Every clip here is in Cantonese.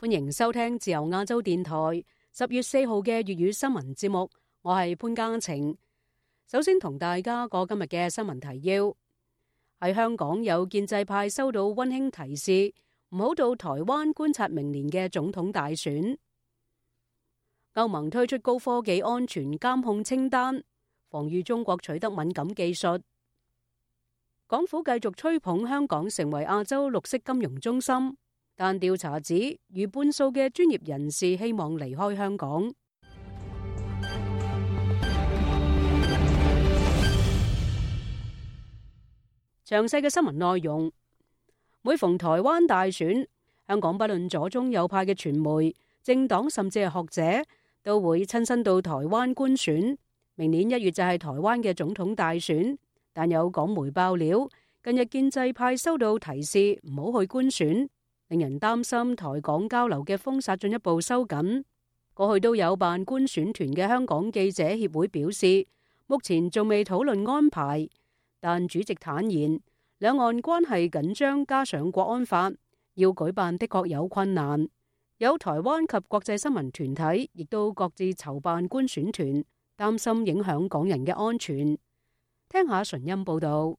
歡迎收聽自由亞洲電台十月四號嘅粵語新聞節目，我係潘嘉晴。首先同大家過今日嘅新聞提要：喺香港有建制派收到溫馨提示，唔好到台灣觀察明年嘅總統大選。歐盟推出高科技安全監控清單，防禦中國取得敏感技術。港府繼續吹捧香港成為亞洲綠色金融中心。但調查指，逾半數嘅專業人士希望離開香港。詳細嘅新聞內容，每逢台灣大選，香港不論左中右派嘅傳媒、政黨，甚至係學者，都會親身到台灣觀選。明年一月就係台灣嘅總統大選，但有港媒爆料，近日建制派收到提示，唔好去觀選。令人擔心台港交流嘅封殺進一步收緊。過去都有辦觀選團嘅香港記者協會表示，目前仲未討論安排。但主席坦言，兩岸關係緊張，加上國安法，要舉辦的確有困難。有台灣及國際新聞團體亦都各自籌辦觀選團，擔心影響港人嘅安全。聽下純音報道。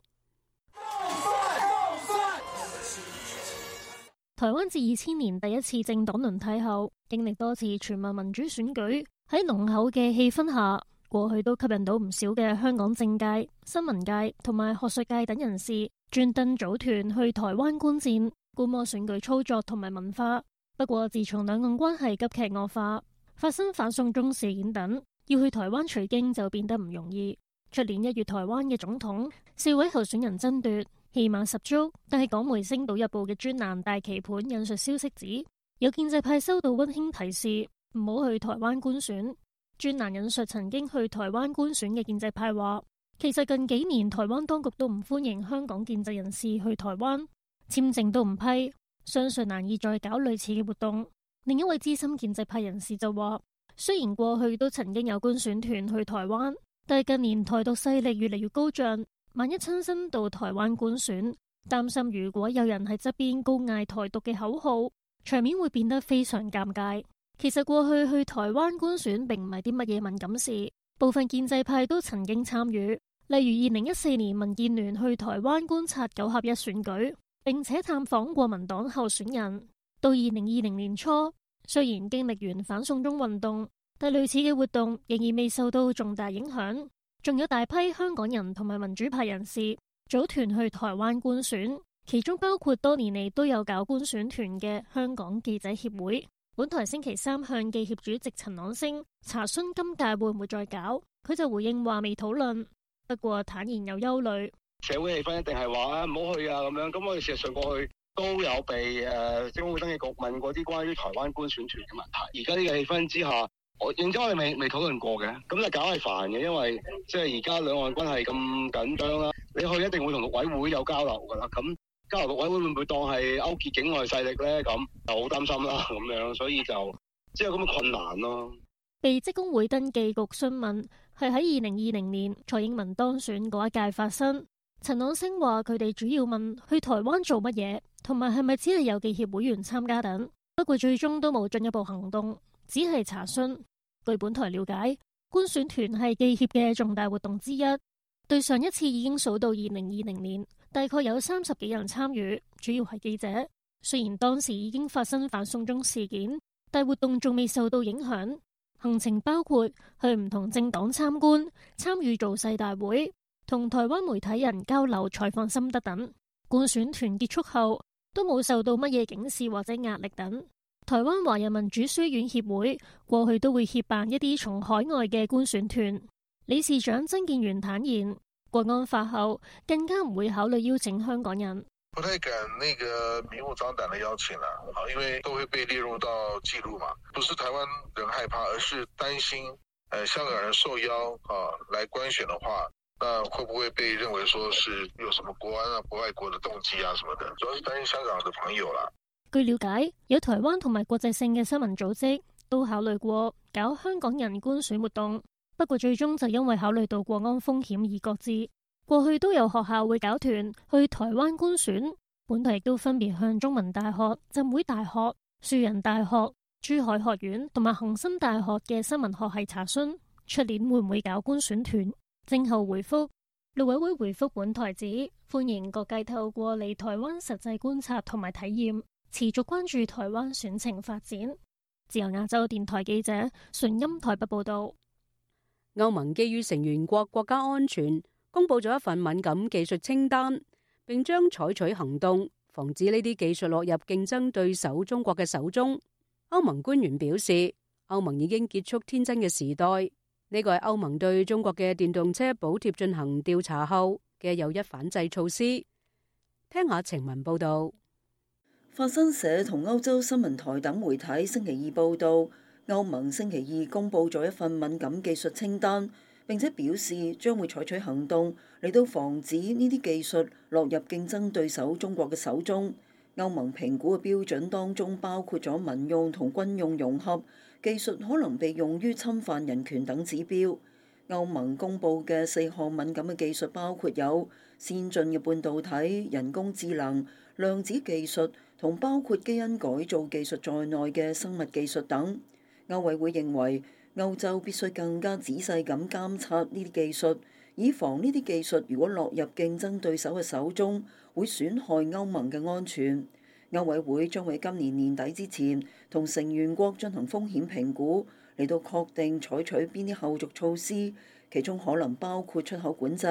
台灣自二千年第一次政黨輪替後，經歷多次全民民主選舉，喺濃厚嘅氣氛下，過去都吸引到唔少嘅香港政界、新聞界同埋學術界等人士專登組團去台灣觀戰、觀摩選舉操作同埋文化。不過，自從兩岸關係急劇惡化，發生反送中事件等，要去台灣取經就變得唔容易。出年一月，台灣嘅總統、四位候選人爭奪。氣滿十足，但係港媒《星島日報》嘅專欄大棋盤引述消息指，有建制派收到温馨提示，唔好去台灣觀選。專欄引述曾經去台灣觀選嘅建制派話：，其實近幾年台灣當局都唔歡迎香港建制人士去台灣，簽證都唔批，相信難以再搞類似嘅活動。另一位資深建制派人士就話：，雖然過去都曾經有觀選團去台灣，但係近年台獨勢力越嚟越高漲。萬一親身到台灣觀選，擔心如果有人喺側邊高嗌台獨嘅口號，場面會變得非常尷尬。其實過去去台灣觀選並唔係啲乜嘢敏感事，部分建制派都曾經參與，例如二零一四年民建聯去台灣觀察九合一選舉，並且探訪國民黨候選人。到二零二零年初，雖然經歷完反送中運動，但類似嘅活動仍然未受到重大影響。仲有大批香港人同埋民主派人士組團去台灣觀選，其中包括多年嚟都有搞觀選團嘅香港記者協會。本台星期三向記協主席陳朗升查詢今屆會唔會再搞，佢就回應話未討論，不過坦言有憂慮。社會氣氛一定係話啊唔好去啊咁樣，咁我哋事實上過去都有被誒，政府登記局問過啲關於台灣觀選團嘅問題。而家呢個氣氛之下。我認真，我哋未未討論過嘅，咁就搞係煩嘅，因為即係而家兩岸關係咁緊張啦。你去一定會同陸委會有交流㗎啦。咁交流陸委會會唔會當係勾結境外勢力咧？咁就好擔心啦。咁樣所以就即係咁嘅困難咯。被職工會登記局詢問係喺二零二零年蔡英文當選嗰一屆發生。陳朗昇話佢哋主要問去台灣做乜嘢，同埋係咪只係有記協會員參加等。不過最終都冇進一步行動，只係查詢。據本台了解，觀選團係記協嘅重大活動之一。對上一次已經數到二零二零年，大概有三十幾人參與，主要係記者。雖然當時已經發生反送中事件，但活動仲未受到影響。行程包括去唔同政黨參觀、參與造勢大會、同台灣媒體人交流採訪心得等。觀選團結束後，都冇受到乜嘢警示或者壓力等。台灣華人民主書院協會過去都會協辦一啲從海外嘅觀選團，理事長曾建元坦言，國安法後更加唔會考慮邀請香港人。不太敢那個明目張膽的邀請啦、啊，因為都會被列入到記錄嘛。不是台灣人害怕，而是擔心誒香港人受邀啊來觀選的話，那會不會被認為說是有什麼國安啊、不愛國的動機啊什麼的？主要是擔心香港的朋友啦、啊。據了解，有台灣同埋國際性嘅新聞組織都考慮過搞香港人觀選活動，不過最終就因為考慮到國安風險而擱置。過去都有學校會搞團去台灣觀選，本台亦都分別向中文大學、浸會大學、樹仁大學、珠海學院同埋恒生大學嘅新聞學系查詢，出年會唔會搞觀選團？正后回覆，陸委會回覆本台指歡迎各界透過嚟台灣實際觀察同埋體驗。持續關注台灣選情發展。自由亞洲電台記者純音台北報道。歐盟基於成員國國家安全，公布咗一份敏感技術清單，並將採取行動防止呢啲技術落入競爭對手中國嘅手中。歐盟官員表示，歐盟已經結束天真嘅時代。呢個係歐盟對中國嘅電動車補貼進行調查後嘅又一反制措施。聽下情文報道。法新社同歐洲新聞台等媒體星期二報道，歐盟星期二公布咗一份敏感技術清單，並且表示將會採取行動嚟到防止呢啲技術落入競爭對手中國嘅手中。歐盟評估嘅標準當中包括咗民用同軍用融合技術，可能被用於侵犯人權等指標。歐盟公布嘅四項敏感嘅技術包括有先進嘅半導體、人工智能、量子技術。同包括基因改造技術在內嘅生物技術等，歐委會認為歐洲必須更加仔細咁監察呢啲技術，以防呢啲技術如果落入競爭對手嘅手中，會損害歐盟嘅安全。歐委會將喺今年年底之前同成員國進行風險評估，嚟到確定採取邊啲後續措施，其中可能包括出口管制。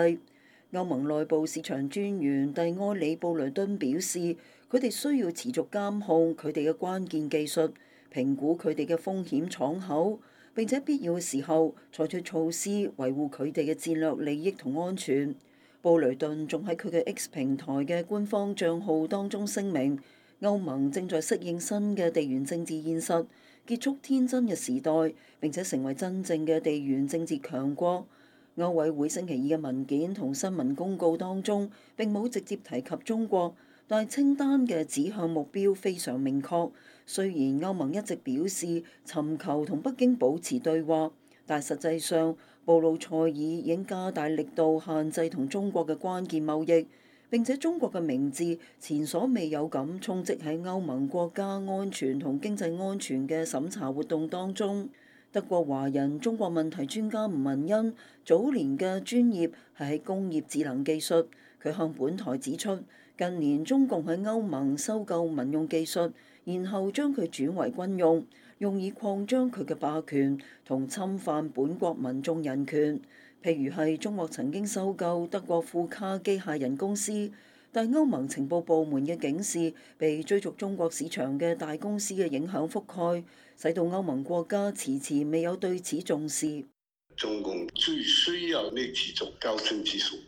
歐盟內部市場專員蒂埃里布雷敦表示，佢哋需要持續監控佢哋嘅關鍵技術，評估佢哋嘅風險敞口，並且必要嘅時候採取措施維護佢哋嘅戰略利益同安全。布雷頓仲喺佢嘅 X 平台嘅官方帳號當中聲明：歐盟正在適應新嘅地緣政治現實，結束天真嘅時代，並且成為真正嘅地緣政治強國。歐委會星期二嘅文件同新聞公告當中並冇直接提及中國。但清單嘅指向目標非常明確，雖然歐盟一直表示尋求同北京保持對話，但實際上布魯塞爾已經加大力度限制同中國嘅關鍵貿易。並且中國嘅名字前所未有咁充斥喺歐盟國家安全同經濟安全嘅審查活動當中。德國華人中國問題專家吳文恩早年嘅專業係喺工業智能技術，佢向本台指出。近年中共喺歐盟收購民用技術，然後將佢轉為軍用，用以擴張佢嘅霸權同侵犯本國民眾人權。譬如係中國曾經收購德國庫卡機械人公司，但歐盟情報部門嘅警示被追逐中國市場嘅大公司嘅影響覆蓋，使到歐盟國家遲遲未有對此重視。中共最需要呢種高新技術。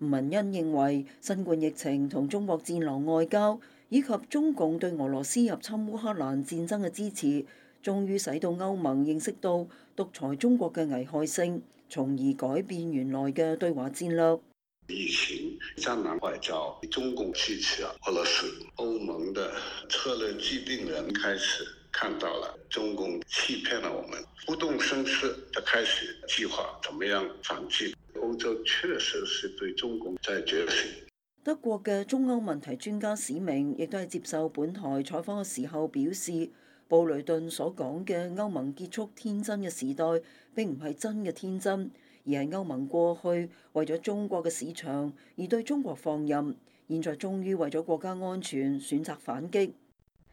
吳文恩認為，新冠疫情同中國戰狼外交，以及中共對俄羅斯入侵烏克蘭戰爭嘅支持，終於使到歐盟認識到獨裁中國嘅危害性，從而改變原來嘅對華戰略。疫情戰狼，外交，中共支持俄羅斯，歐盟嘅策略制定人開始。看到了中共欺騙了我們，不動聲色地開始計劃，怎麼樣反擊？歐洲確實是對中共真係絕情。德國嘅中歐問題專家史明亦都係接受本台採訪嘅時候表示，布雷頓所講嘅歐盟結束天真嘅時代，並唔係真嘅天真，而係歐盟過去為咗中國嘅市場而對中國放任，現在終於為咗國家安全選擇反擊。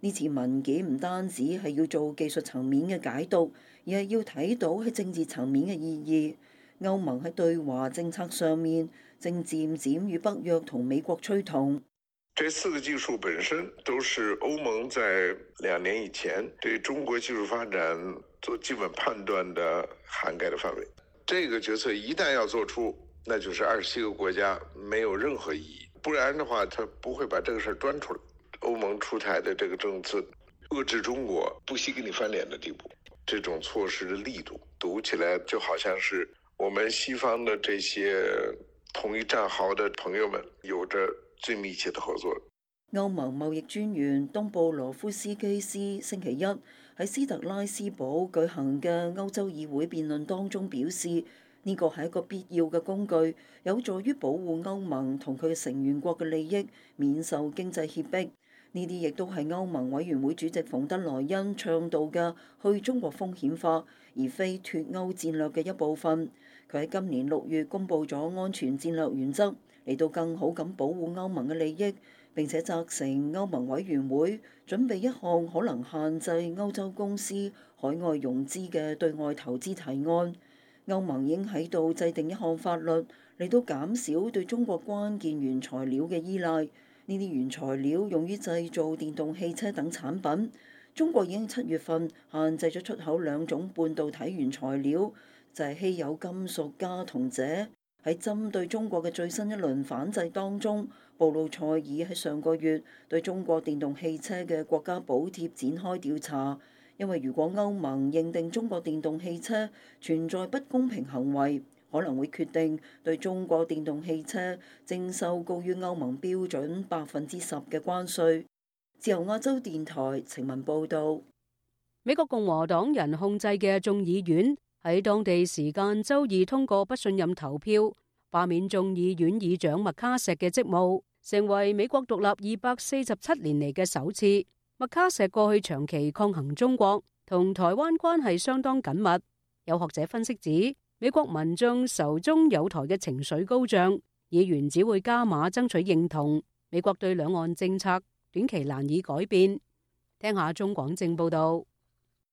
呢次文件唔單止係要做技術層面嘅解讀，而係要睇到喺政治層面嘅意義。歐盟喺對華政策上面，正漸漸與北約同美國趨同。這四個技術本身都是歐盟在兩年以前對中國技術發展做基本判斷的涵蓋的範圍。這個決策一旦要做出，那就是二十七個國家沒有任何意義。不然的話，他不會把這個事端出來。歐盟出台的這個政策，遏制中國不惜跟你翻臉的地步，這種措施的力度，讀起來就好像是我們西方的這些同一戰壕的朋友們有着最密切的合作。歐盟貿易專員東布羅夫斯基斯星期一喺斯特拉斯堡舉行嘅歐洲議會辯論當中表示，呢個係一個必要嘅工具，有助於保護歐盟同佢成員國嘅利益，免受經濟脅迫。呢啲亦都係歐盟委員會主席馮德萊恩倡導嘅去中國風險化，而非脫歐戰略嘅一部分。佢喺今年六月公布咗安全戰略原則，嚟到更好咁保護歐盟嘅利益。並且責成歐盟委員會準備一項可能限制歐洲公司海外融資嘅對外投資提案。歐盟已經喺度制定一項法律，嚟到減少對中國關鍵原材料嘅依賴。呢啲原材料用於製造電動汽車等產品。中國已經七月份限制咗出口兩種半導體原材料，就係、是、稀有金屬鎵同鍺。喺針對中國嘅最新一輪反制當中，布魯塞爾喺上個月對中國電動汽車嘅國家補貼展開調查，因為如果歐盟認定中國電動汽車存在不公平行為。可能會決定對中國電動汽車徵收高於歐盟標準百分之十嘅關稅。自由亞洲電台情文報道，美國共和黨人控制嘅眾議院喺當地時間週二通過不信任投票，罷免眾議院議長麥卡錫嘅職務，成為美國獨立二百四十七年嚟嘅首次。麥卡錫過去長期抗衡中國，同台灣關係相當緊密。有學者分析指，.美國民眾仇中有台嘅情緒高漲，議員只會加碼爭取認同，美國對兩岸政策短期難以改變。聽下中廣正報道。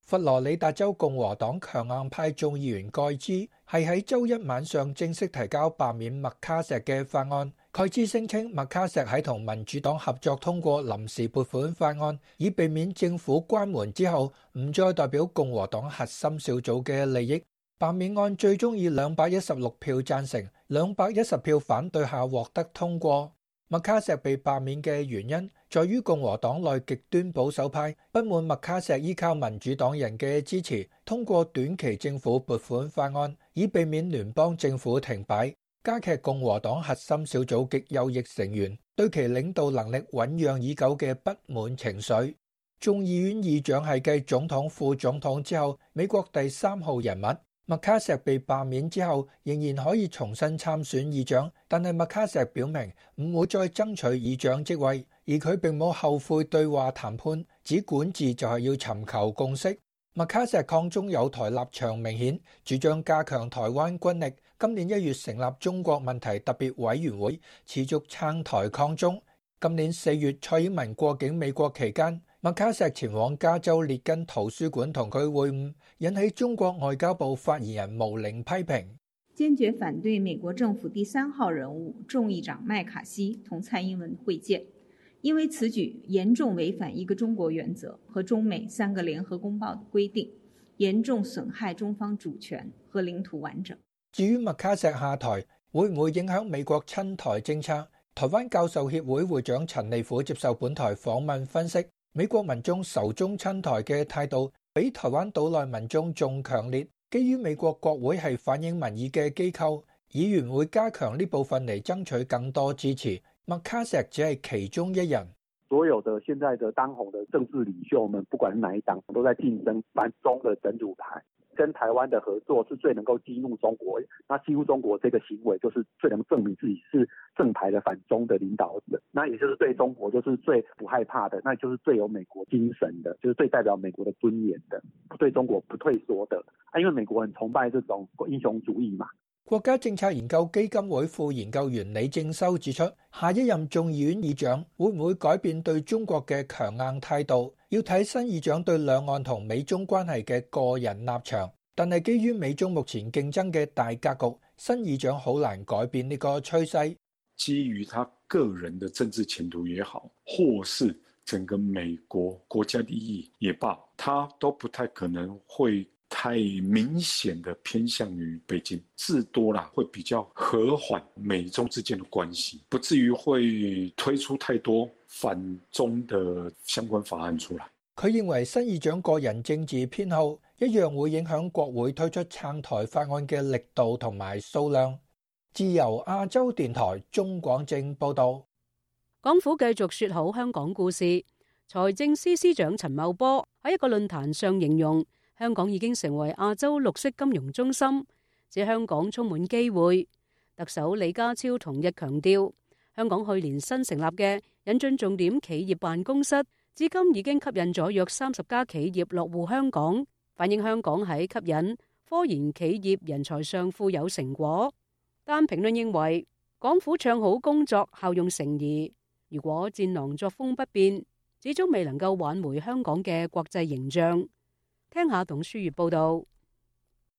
佛羅里達州共和黨強硬派眾議員蓋茲，係喺周一晚上正式提交罷免麥卡錫嘅法案。蓋茲聲稱，麥卡錫喺同民主黨合作通過臨時撥款法案，以避免政府關門之後，唔再代表共和黨核心小組嘅利益。罷免案最終以兩百一十六票贊成、兩百一十票反對下獲得通過。麥卡錫被罷免嘅原因，在於共和黨內極端保守派，不滿麥卡錫依靠民主黨人嘅支持，通過短期政府撥款法案，以避免聯邦政府停擺，加劇共和黨核心小組極右翼成員，對其領導能力醞釀已久嘅不滿情緒。眾議院議長係繼總統、副總統之後，美國第三號人物。麥卡錫被罷免之後，仍然可以重新參選議長，但係麥卡錫表明唔會再爭取議長職位，而佢並冇後悔對話談判，只管治就係要尋求共識。麥卡錫抗中友台立場明顯，主張加強台灣軍力，今年一月成立中國問題特別委員會，持續撐台抗中。今年四月，蔡英文過境美國期間，麥卡錫前往加州列根圖書館同佢會晤，引起中國外交部發言人毛寧批評。堅決反對美國政府第三號人物眾議長麥卡錫同蔡英文會見，因為此舉嚴重違反一個中國原則和中美三個聯合公報嘅規定，嚴重損害中方主權和領土完整。至於麥卡錫下台會唔會影響美國親台政策？台灣教授協會會長陳利虎接受本台訪問分析。美國民眾仇中親台嘅態度比台灣島內民眾仲強烈。基於美國國會係反映民意嘅機構，議員會加強呢部分嚟爭取更多支持。麥卡錫只係其中一人。所有的現在的當紅的政治領袖們，不管係哪一黨，都在競爭反中的整組牌。跟台灣的合作是最能夠激怒中國，那激怒中國這個行為就是最能證明自己是正牌的反中的領導者。那也就是對中國就是最不害怕的，那就是最有美國精神的，就是最代表美國的尊嚴的，對中國不退縮的，啊，因為美國很崇拜這種英雄主義嘛。國家政策研究基金會副研究員李正修指出，下一任眾議院議長會唔會改變對中國嘅強硬態度，要睇新議長對兩岸同美中關係嘅個人立場。但係基於美中目前競爭嘅大格局，新議長好難改變呢個趨勢。基於他個人的政治前途也好，或是整個美國國家利益也罷，他都不太可能會太明顯的偏向於北京，至多啦，會比較和緩美中之間的關係，不至於會推出太多反中的相關法案出來。佢認為新議長個人政治偏好一樣會影響國會推出撐台法案嘅力度同埋數量。自由亞洲電台鍾廣政報道，港府繼續說好香港故事。財政司司，司長陳茂波喺一個論壇上形容。香港已經成為亞洲綠色金融中心，指香港充滿機會。特首李家超同日強調，香港去年新成立嘅引進重點企業辦公室，至今已經吸引咗約三十家企業落戶香港，反映香港喺吸引科研企業人才上富有成果。但評論認為，港府唱好工作效用成疑，如果戰狼作風不變，始終未能夠挽回香港嘅國際形象。聽下董書月報道，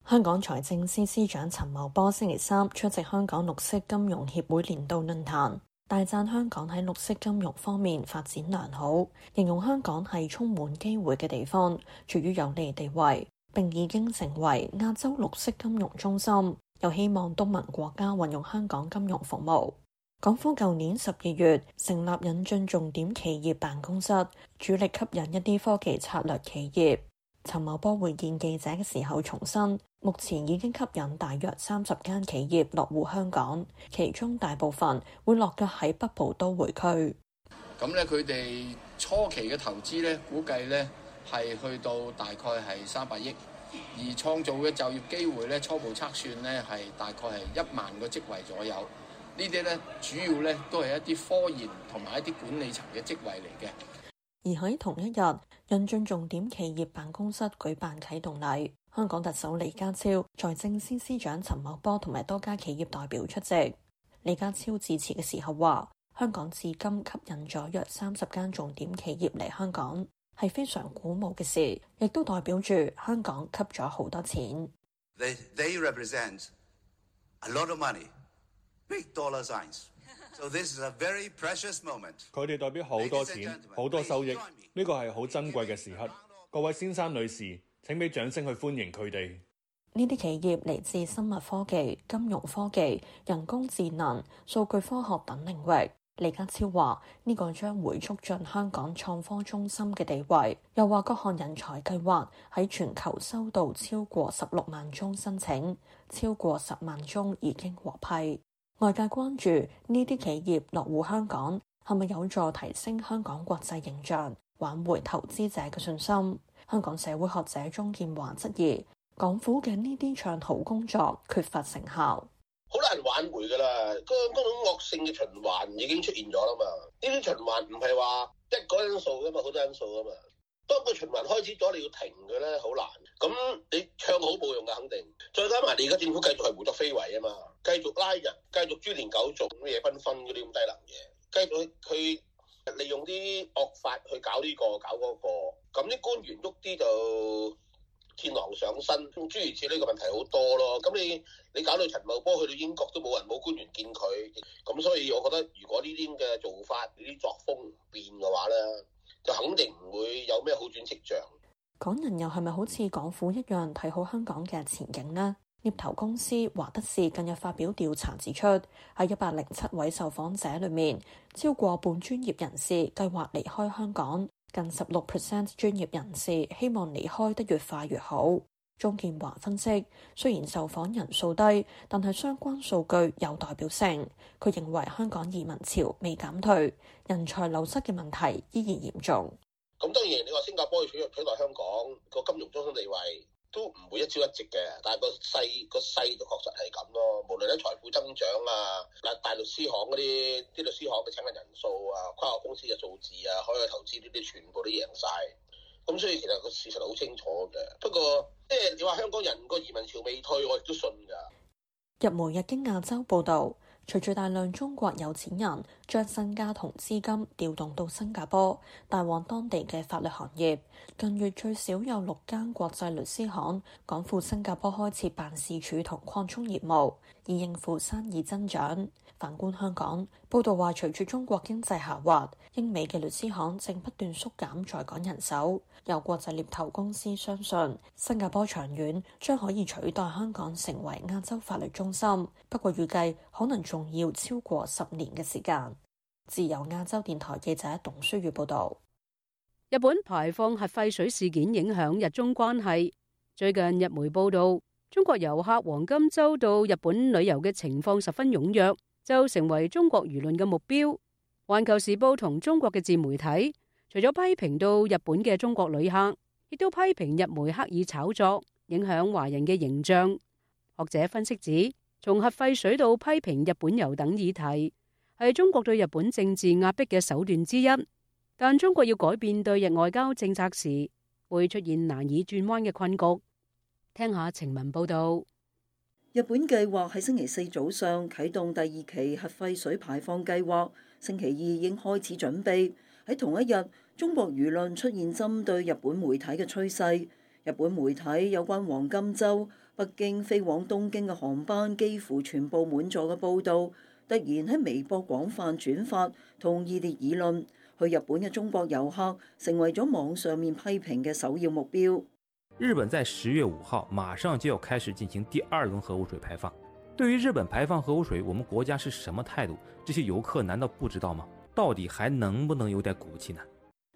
香港財政司司長陳茂波星期三出席香港綠色金融協會年度論壇，大讚香港喺綠色金融方面發展良好，形容香港係充滿機會嘅地方，處於有利地位，並已經成為亞洲綠色金融中心。又希望東盟國家運用香港金融服務。港府舊年十二月成立引進重點企業辦公室，主力吸引一啲科技策略企業。陳茂波會見記者嘅時候重申，目前已經吸引大約三十間企業落戶香港，其中大部分會落腳喺北部都會區。咁咧，佢哋初期嘅投資咧，估計咧係去到大概係三百億，而創造嘅就業機會咧，初步測算咧係大概係一萬個職位左右。呢啲咧主要咧都係一啲科研同埋一啲管理層嘅職位嚟嘅。而喺同一日。引進重點企業辦公室舉辦啟動禮，香港特首李家超、財政司司長陳茂波同埋多家企業代表出席。李家超致辭嘅時候話，香港至今吸引咗約三十間重點企業嚟香港，係非常鼓舞嘅事，亦都代表住香港吸咗好多錢。They, they represent a lot of money, big dollar signs. 佢哋、so、代表好多錢、好多收益，呢個係好珍貴嘅時刻。各位先生女士，請俾掌聲去歡迎佢哋。呢啲企業嚟自生物科技、金融科技、人工智能、數據科學等領域。李家超話：呢個將會促進香港創科中心嘅地位。又話各項人才計劃喺全球收到超過十六萬宗申請，超過十萬宗已經獲批。外界關注呢啲企業落戶香港係咪有助提升香港國際形象，挽回投資者嘅信心？香港社會學者鍾建華質疑，港府嘅呢啲長途工作缺乏成效，好難挽回噶啦，嗰嗰種惡性嘅循環已經出現咗啦嘛，呢啲循環唔係話一個因素噶嘛，好多因素噶嘛。當個循環開始咗，你要停嘅咧，好難。咁你唱好冇用嘅，肯定。再加埋你而家政府繼續係胡作非為啊嘛，繼續拉人，繼續誅連九族乜嘢紛紛嗰啲咁低能嘢，繼續佢利用啲惡法去搞呢個搞嗰個。咁啲、那個、官員喐啲就戰狼上身，咁諸如此呢嘅、這個、問題好多咯。咁你你搞到陳茂波去到英國都冇人冇官員見佢，咁所以我覺得如果呢啲嘅做法呢啲作風唔變嘅話咧，就肯定唔會有咩好轉迹象。港人又係咪好似港府一樣睇好香港嘅前景呢？獵頭公司華德士近日發表調查指出，喺一百零七位受訪者裏面，超過半專業人士計劃離開香港，近十六 percent 專業人士希望離開得越快越好。鍾建華分析，雖然受訪人數低，但係相關數據有代表性。佢認為香港移民潮未減退，人才流失嘅問題依然嚴重。咁當然，你話新加坡要取取代香港個金融中心地位，都唔會一朝一夕嘅。但係個勢，個勢就確實係咁咯。無論喺財富增長啊，嗱，大律師行嗰啲啲律師行嘅請人人數啊，跨國公司嘅數字啊，海外投資呢啲，全部都贏晒。咁所以其實個事實好清楚嘅，不過即係你話香港人個移民潮未退，我亦都信㗎。日媒日經亞洲報道，隨住大量中國有錢人將身家同資金調動到新加坡，帶旺當地嘅法律行業，近月最少有六間國際律師行趕赴新加坡開設辦事處同擴充業務，以應付生意增長。反觀香港，報道話，隨住中國經濟下滑，英美嘅律師行正不斷縮減在港人手。有國際獵頭公司相信，新加坡長遠將可以取代香港成為亞洲法律中心，不過預計可能仲要超過十年嘅時間。自由亞洲電台記者董書月報道，日本排放核廢水事件影響日中關係。最近日媒報道，中國遊客黃金周到日本旅遊嘅情況十分踴躍。就成為中國輿論嘅目標。環球時報同中國嘅自媒體，除咗批評到日本嘅中國旅客，亦都批評日媒刻意炒作，影響華人嘅形象。學者分析指，從核廢水到批評日本遊等議題，係中國對日本政治壓迫嘅手段之一。但中國要改變對日外交政策時，會出現難以轉彎嘅困局。聽下晴文報道。日本計劃喺星期四早上啟動第二期核廢水排放計劃，星期二已經開始準備。喺同一日，中國輿論出現針對日本媒體嘅趨勢。日本媒體有關黃金週北京飛往東京嘅航班幾乎全部滿座嘅報導，突然喺微博廣泛轉發，同熱烈議論。去日本嘅中國遊客成為咗網上面批評嘅首要目標。日本在十月五號馬上就要開始進行第二輪核污水排放，對於日本排放核污水，我們國家是什麼態度？這些遊客難道不知道嗎？到底還能不能有點骨氣呢？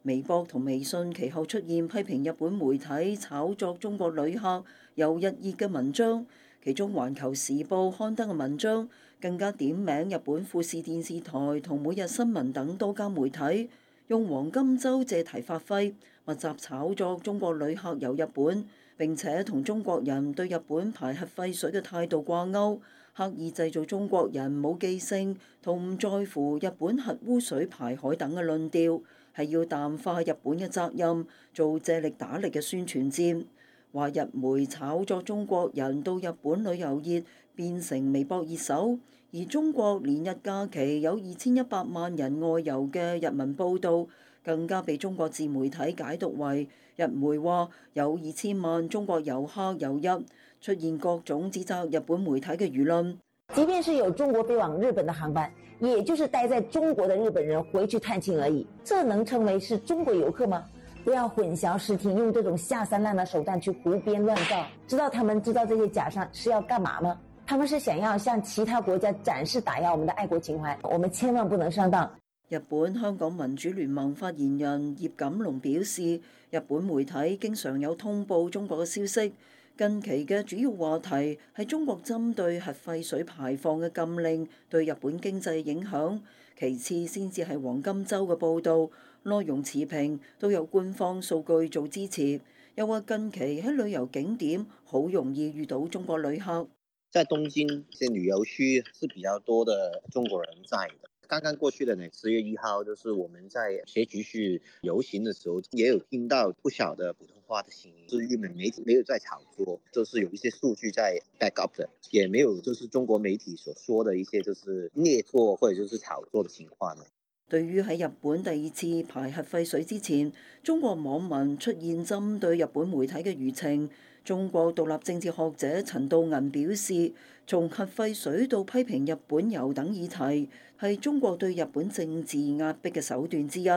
微博同微信其後出現批評日本媒體炒作中國旅客有日熱嘅文章，其中環球時報刊登嘅文章更加點名日本富士電視台同每日新聞等多家媒體用黃金週借題發揮。密集炒作中國旅客遊日本，並且同中國人對日本排核廢水嘅態度掛鈎，刻意製造中國人冇記性同唔在乎日本核污水排海等嘅論調，係要淡化日本嘅責任，做借力打力嘅宣傳戰。話日媒炒作中國人到日本旅遊業變成微博熱搜，而中國連日假期有二千一百萬人外遊嘅日文報導，更加被中國自媒體解讀為日媒話有二千萬中國遊客遊日，出現各種指責日本媒體嘅輿論。即便是有中國飛往日本的航班，也就是待在中國的日本人回去探親而已，這能稱為是中國遊客嗎？不要混淆視聽，用這種下三爛的手段去胡編亂造。知道他們知道這些假象是要幹嘛嗎？他們是想要向其他國家展示打壓我們的愛國情懷，我們千萬不能上當。日本香港民主聯盟發言人葉錦龍表示，日本媒體經常有通報中國嘅消息。近期嘅主要話題係中國針對核廢水排放嘅禁令對日本經濟嘅影響，其次先至係黃金周嘅報道內容持平，都有官方數據做支持。又話近期喺旅遊景點好容易遇到中國旅客，在東京啲旅遊區是比較多的中國人在的。剛剛過去的呢，十月一號，就是我們在前局去遊行的時候，也有聽到不小的普通話的聲音，是日本媒體沒有在炒作，就是有一些數據在 back up 的，也沒有就是中國媒體所說的一些就是捏造或者就是炒作的情況呢。對於喺日本第二次排核廢水之前，中國網民出現針對日本媒體嘅輿情。中國獨立政治學者陳道銀表示，從核廢水到批評日本遊等議題，係中國對日本政治壓迫嘅手段之一，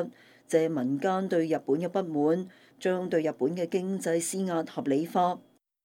借民間對日本嘅不滿，將對日本嘅經濟施壓合理化。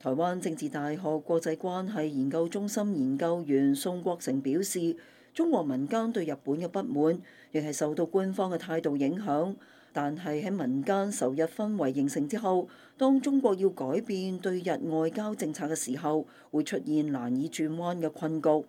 台灣政治大學國際關係研究中心研究員宋國成表示，中國民間對日本嘅不滿，亦係受到官方嘅態度影響。但係喺民間仇日氛圍形成之後，當中國要改變對日外交政策嘅時候，會出現難以轉彎嘅困局。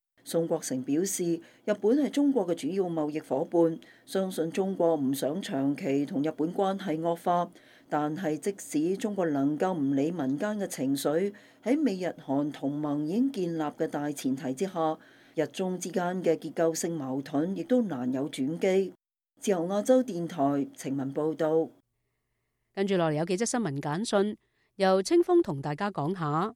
宋國成表示，日本係中國嘅主要貿易夥伴，相信中國唔想長期同日本關係惡化。但係即使中國能夠唔理民間嘅情緒，喺美日韓同盟已經建立嘅大前提之下，日中之間嘅結構性矛盾亦都難有轉機。自由亞洲電台晴文報道。跟住落嚟有幾則新聞簡訊，由清風同大家講下。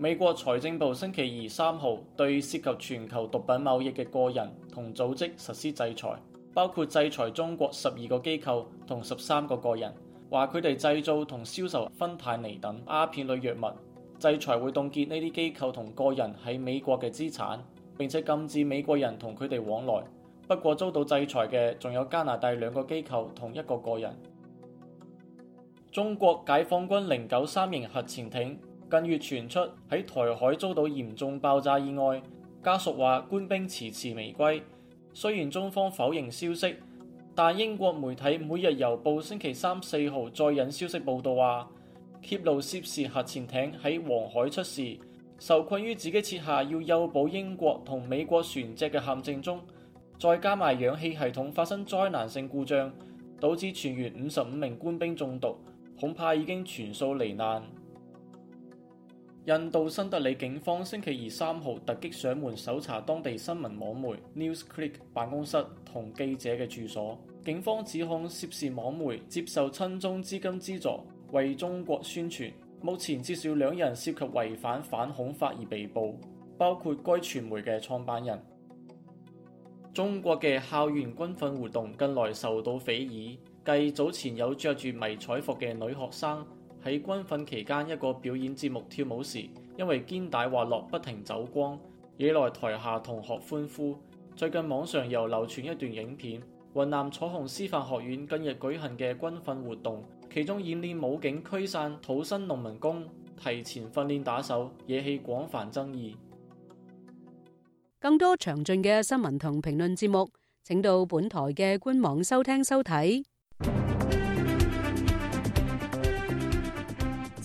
美國財政部星期二、三號對涉及全球毒品貿易嘅個人同組織實施制裁，包括制裁中國十二個機構同十三個個人，話佢哋製造同銷售芬太尼等鴉片類藥物。制裁會凍結呢啲機構同個人喺美國嘅資產，並且禁止美國人同佢哋往來。不過遭到制裁嘅仲有加拿大兩個機構同一個個人。中國解放軍零九三型核潛艇，近月傳出喺台海遭到嚴重爆炸意外，家屬話官兵遲遲未歸。雖然中方否認消息，但英國媒體《每日郵報》星期三四號再引消息報道話，揭露涉事核潛艇喺黃海出事，受困於自己設下要誘捕英國同美國船隻嘅陷阱中，再加埋氧氣系統發生災難性故障，導致全員五十五名官兵中毒，恐怕已經全數罹難。印度新德里警方星期二三號突擊上門搜查當地新聞網媒 NewsClick 辦公室同記者嘅住所，警方指控涉事網媒接受親中資金資助，為中國宣傳。目前至少兩人涉及違反反恐法而被捕，包括該傳媒嘅創辦人。中國嘅校園軍訓活動近來受到非議，繼早前有着住迷彩服嘅女學生。喺軍訓期間，一個表演節目跳舞時，因為肩帶滑落，不停走光，惹來台下同學歡呼。最近網上又流傳一段影片，雲南楚雄師範學院近日舉行嘅軍訓活動，其中演練武警驅散討薪農民工，提前訓練打手，惹起廣泛爭議。更多詳盡嘅新聞同評論節目，請到本台嘅官網收聽收睇。